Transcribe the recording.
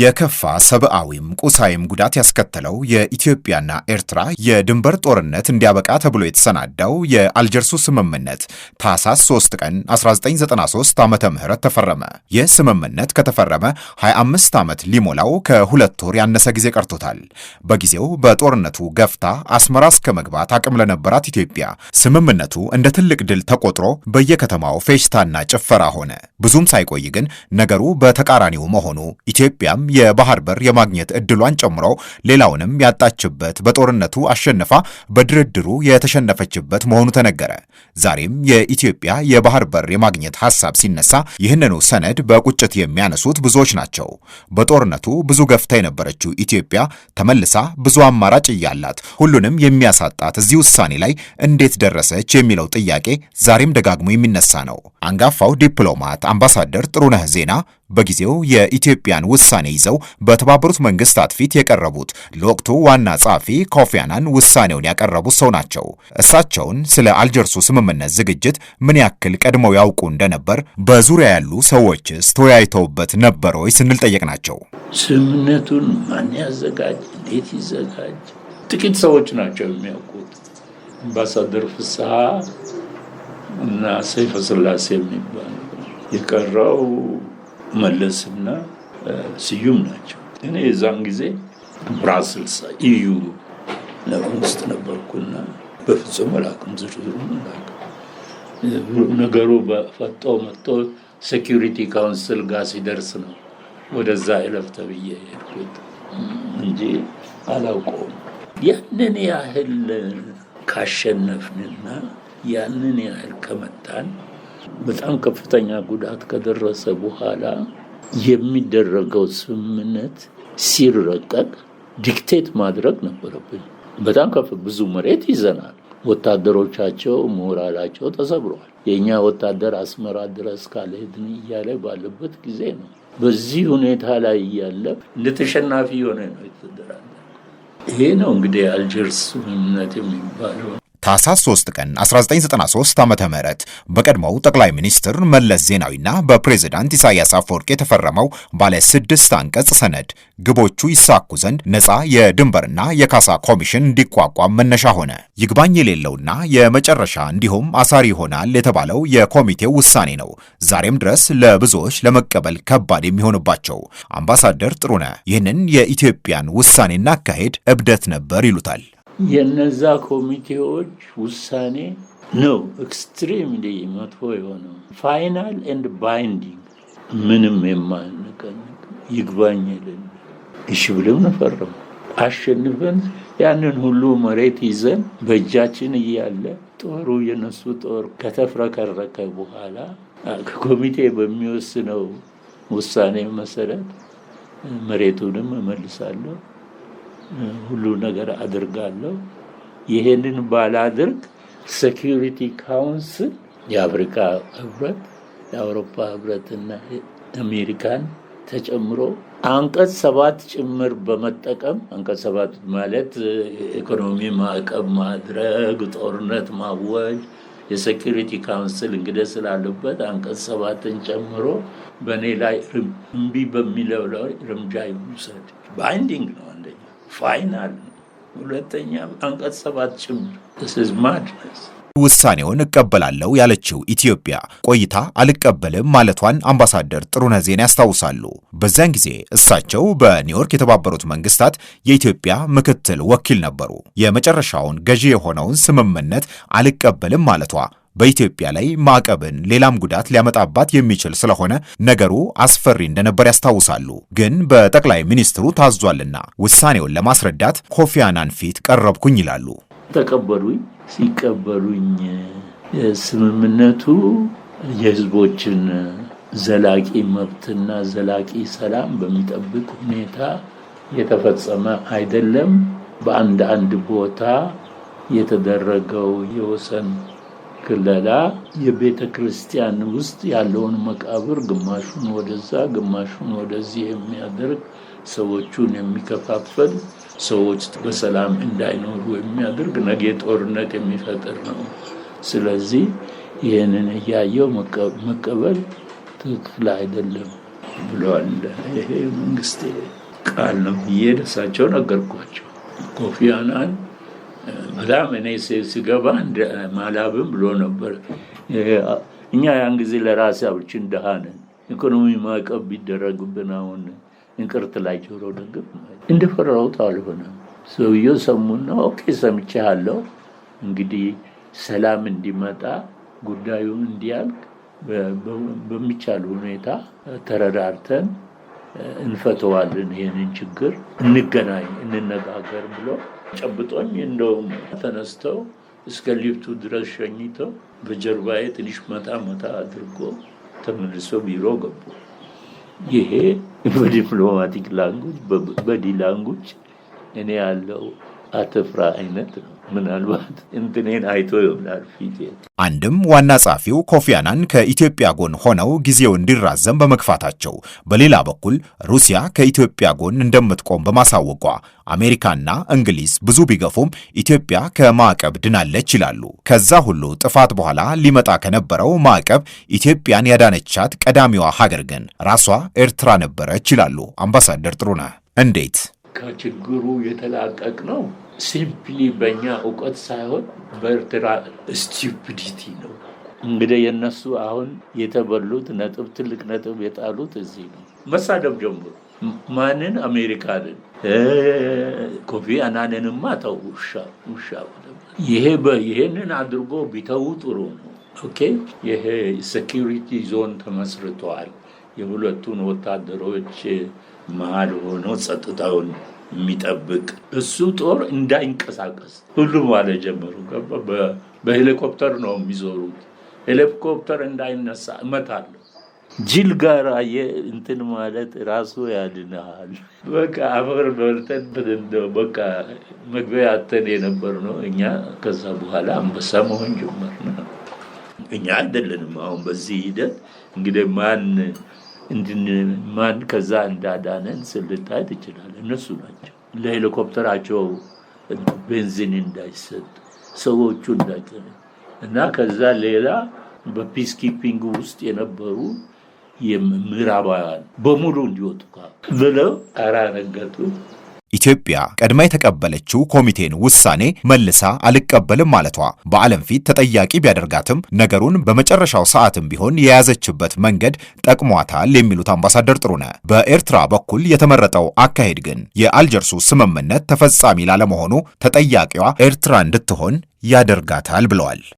የከፋ ሰብአዊም ቁሳዊም ጉዳት ያስከተለው የኢትዮጵያና ኤርትራ የድንበር ጦርነት እንዲያበቃ ተብሎ የተሰናዳው የአልጀርሱ ስምምነት ታህሳስ 3 ቀን 1993 ዓመተ ምህረት ተፈረመ። ይህ ስምምነት ከተፈረመ 25 ዓመት ሊሞላው ከሁለት ወር ያነሰ ጊዜ ቀርቶታል። በጊዜው በጦርነቱ ገፍታ አስመራ እስከ መግባት አቅም ለነበራት ኢትዮጵያ ስምምነቱ እንደ ትልቅ ድል ተቆጥሮ በየከተማው ፌሽታና ጭፈራ ሆነ። ብዙም ሳይቆይ ግን ነገሩ በተቃራኒው መሆኑ ኢትዮጵያም ሱዳንም የባህር በር የማግኘት እድሏን ጨምሮ ሌላውንም ያጣችበት በጦርነቱ አሸንፋ በድርድሩ የተሸነፈችበት መሆኑ ተነገረ። ዛሬም የኢትዮጵያ የባህር በር የማግኘት ሀሳብ ሲነሳ ይህንኑ ሰነድ በቁጭት የሚያነሱት ብዙዎች ናቸው። በጦርነቱ ብዙ ገፍታ የነበረችው ኢትዮጵያ ተመልሳ ብዙ አማራጭ እያላት ሁሉንም የሚያሳጣት እዚህ ውሳኔ ላይ እንዴት ደረሰች የሚለው ጥያቄ ዛሬም ደጋግሞ የሚነሳ ነው። አንጋፋው ዲፕሎማት አምባሳደር ጥሩነህ ዜና በጊዜው የኢትዮጵያን ውሳኔ ይዘው በተባበሩት መንግስታት ፊት የቀረቡት ለወቅቱ ዋና ጸሐፊ ኮፊ አናን ውሳኔውን ያቀረቡት ሰው ናቸው። እሳቸውን ስለ አልጀርሱ ስምምነት ዝግጅት ምን ያክል ቀድመው ያውቁ እንደነበር በዙሪያ ያሉ ሰዎችስ ተወያይተውበት ነበር ወይ ስንል ጠየቅናቸው። ስምምነቱን ማን ያዘጋጅ፣ እንዴት ይዘጋጅ? ጥቂት ሰዎች ናቸው የሚያውቁት። አምባሳደር ፍስሐ እና ሰይፈ ስላሴ የሚባል የቀረው መለስና ስዩም ናቸው። እኔ የዛን ጊዜ ብራስልስ ኢዩ ውስጥ ነበርኩና በፍጹም አላውቅም፣ ዝርዝሩን አላውቅም። ነገሩ በፈጦ መጥቶ ሴኪሪቲ ካውንስል ጋር ሲደርስ ነው ወደዛ እለፍ ተብዬ ሄድኩት እንጂ አላውቀውም። ያንን ያህል ካሸነፍንና ያንን ያህል ከመጣን በጣም ከፍተኛ ጉዳት ከደረሰ በኋላ የሚደረገው ስምምነት ሲረቀቅ ዲክቴት ማድረግ ነበረብን። በጣም ከፍ ብዙ መሬት ይዘናል። ወታደሮቻቸው ሞራላቸው ተሰብረዋል። የእኛ ወታደር አስመራ ድረስ ካልሄድን እያለ ባለበት ጊዜ ነው። በዚህ ሁኔታ ላይ እያለ እንደተሸናፊ የሆነ ነው የተደራለ። ይሄ ነው እንግዲህ አልጀርስ ስምምነት የሚባለው። ታህሳስ 3 ቀን 1993 ዓመተ ምህረት በቀድሞው ጠቅላይ ሚኒስትር መለስ ዜናዊና በፕሬዝዳንት ኢሳያስ አፈወርቅ የተፈረመው ባለ ስድስት አንቀጽ ሰነድ ግቦቹ ይሳኩ ዘንድ ነፃ የድንበርና የካሳ ኮሚሽን እንዲቋቋም መነሻ ሆነ። ይግባኝ የሌለውና የመጨረሻ እንዲሁም አሳሪ ይሆናል የተባለው የኮሚቴው ውሳኔ ነው ዛሬም ድረስ ለብዙዎች ለመቀበል ከባድ የሚሆንባቸው። አምባሳደር ጥሩነህ ይህንን የኢትዮጵያን ውሳኔና አካሄድ እብደት ነበር ይሉታል። የነዛ ኮሚቴዎች ውሳኔ ነው ኤክስትሪምሊ መጥፎ የሆነው ፋይናል ኤንድ ባይንዲንግ ምንም የማንቀንቅ ይግባኝ የለን እሺ ብለው ነፈረው አሸንፈን ያንን ሁሉ መሬት ይዘን በእጃችን እያለ ጦሩ የነሱ ጦር ከተፍረከረከ በኋላ ከኮሚቴ በሚወስነው ውሳኔ መሰረት መሬቱንም እመልሳለሁ ሁሉ ነገር አድርጋለሁ። ይሄንን ባላድርግ ሴኪሪቲ ካውንስል የአፍሪካ ህብረት፣ የአውሮፓ ህብረትና አሜሪካን ተጨምሮ አንቀጽ ሰባት ጭምር በመጠቀም አንቀጽ ሰባት ማለት ኢኮኖሚ ማዕቀብ ማድረግ፣ ጦርነት ማወጅ የሴኪሪቲ ካውንስል እንግዲህ ስላለበት አንቀጽ ሰባትን ጨምሮ በእኔ ላይ እምቢ በሚለው ላይ እርምጃ ይውሰድ። ባይንዲንግ ነው አንደኛ ፋይናል ሁለተኛም አንቀጽ ሰባት ጭምር ውሳኔውን እቀበላለሁ ያለችው ኢትዮጵያ ቆይታ አልቀበልም ማለቷን አምባሳደር ጥሩነህ ዜና ያስታውሳሉ። በዚያን ጊዜ እሳቸው በኒውዮርክ የተባበሩት መንግስታት የኢትዮጵያ ምክትል ወኪል ነበሩ። የመጨረሻውን ገዢ የሆነውን ስምምነት አልቀበልም ማለቷ በኢትዮጵያ ላይ ማዕቀብን ሌላም ጉዳት ሊያመጣባት የሚችል ስለሆነ ነገሩ አስፈሪ እንደነበር ያስታውሳሉ። ግን በጠቅላይ ሚኒስትሩ ታዟልና ውሳኔውን ለማስረዳት ኮፊ አናን ፊት ቀረብኩኝ ይላሉ። ተቀበሉኝ። ሲቀበሉኝ ስምምነቱ የህዝቦችን ዘላቂ መብትና ዘላቂ ሰላም በሚጠብቅ ሁኔታ የተፈጸመ አይደለም። በአንድ አንድ ቦታ የተደረገው የወሰን ክለላ የቤተ ክርስቲያን ውስጥ ያለውን መቃብር ግማሹን ወደዛ ግማሹን ወደዚህ የሚያደርግ ሰዎቹን የሚከፋፈል ሰዎች በሰላም እንዳይኖሩ የሚያደርግ ነገ ጦርነት የሚፈጥር ነው። ስለዚህ ይህንን እያየው መቀበል ትክክል አይደለም ብለዋል። ይሄ መንግስት ቃል ነው ብዬ ደሳቸው ነገርኳቸው። ኮፊ አናን በጣም እኔ ስገባ ማላብም ብሎ ነበር። እኛ ያን ጊዜ ለራሳችን ድሃ ነን። ኢኮኖሚ ማዕቀብ ቢደረግብን አሁን እንቅርት ላይ ጆሮ ደግፍ እንደፈራሁት አልሆነም። ሰውየው ሰሙና፣ ኦኬ ሰምቼሃለሁ፣ እንግዲህ ሰላም እንዲመጣ ጉዳዩ እንዲያልቅ በሚቻል ሁኔታ ተረዳርተን እንፈተዋልን ይህንን ችግር እንገናኝ፣ እንነጋገር ብሎ ጨብጦኝ እንደውም ተነስተው እስከ ሊፍቱ ድረስ ሸኝተው በጀርባዬ ትንሽ መታ መታ አድርጎ ተመልሶ ቢሮ ገቡ። ይሄ በዲፕሎማቲክ ላንጉጅ በዲ ላንጉጅ እኔ ያለው አትፍራ አይነት ነው። ምናልባት እንትኔን አይቶ ይሆናል ፊቴ። አንድም ዋና ጸሐፊው ኮፊ አናን ከኢትዮጵያ ጎን ሆነው ጊዜው እንዲራዘም በመግፋታቸው፣ በሌላ በኩል ሩሲያ ከኢትዮጵያ ጎን እንደምትቆም በማሳወቋ አሜሪካና እንግሊዝ ብዙ ቢገፉም ኢትዮጵያ ከማዕቀብ ድናለች ይላሉ። ከዛ ሁሉ ጥፋት በኋላ ሊመጣ ከነበረው ማዕቀብ ኢትዮጵያን ያዳነቻት ቀዳሚዋ ሀገር ግን ራሷ ኤርትራ ነበረች ይላሉ አምባሳደር ጥሩነህ። እንዴት? ከችግሩ የተላቀቅ ነው። ሲምፕሊ በእኛ እውቀት ሳይሆን በኤርትራ ስቲፒዲቲ ነው። እንግዲህ የነሱ አሁን የተበሉት ነጥብ ትልቅ ነጥብ የጣሉት እዚህ ነው። መሳደብ ጀምሮ ማንን? አሜሪካንን፣ ኮፊ አናንንማ ተው፣ ውሻ ውሻ። ይሄ ይሄንን አድርጎ ቢተው ጥሩ ነው። ኦኬ ይሄ ሴኪሪቲ ዞን ተመስርተዋል። የሁለቱን ወታደሮች መሀል ሆኖ ጸጥታውን የሚጠብቅ እሱ ጦር እንዳይንቀሳቀስ ሁሉም ማለ ጀመሩ። በሄሊኮፕተር ነው የሚዞሩት። ሄሊኮፕተር እንዳይነሳ እመት እመታለሁ። ጅል ጋር እንትን ማለት ራሱ ያድናል። በቃ አፈር በልተን በቃ መግቢያ ያተን የነበር ነው። እኛ ከዛ በኋላ አንበሳ መሆን ጀመር ነው። እኛ አይደለንም አሁን በዚህ ሂደት እንግዲህ ማን እንድንማን ከዛ እንዳዳነን ስልታይ ትችላል። እነሱ ናቸው ለሄሊኮፕተራቸው ቤንዚን እንዳይሰጥ ሰዎቹ እንዳይተ እና ከዛ ሌላ በፒስ ኪፒንግ ውስጥ የነበሩ የምዕራባውያን በሙሉ እንዲወጡ ብለው አራ ኢትዮጵያ ቀድማ የተቀበለችው ኮሚቴን ውሳኔ መልሳ አልቀበልም ማለቷ በዓለም ፊት ተጠያቂ ቢያደርጋትም ነገሩን በመጨረሻው ሰዓትም ቢሆን የያዘችበት መንገድ ጠቅሟታል የሚሉት አምባሳደር ነ በኤርትራ በኩል የተመረጠው አካሄድ ግን የአልጀርሱ ስምምነት ተፈጻሚ ላለመሆኑ ተጠያቂዋ ኤርትራ እንድትሆን ያደርጋታል ብለዋል።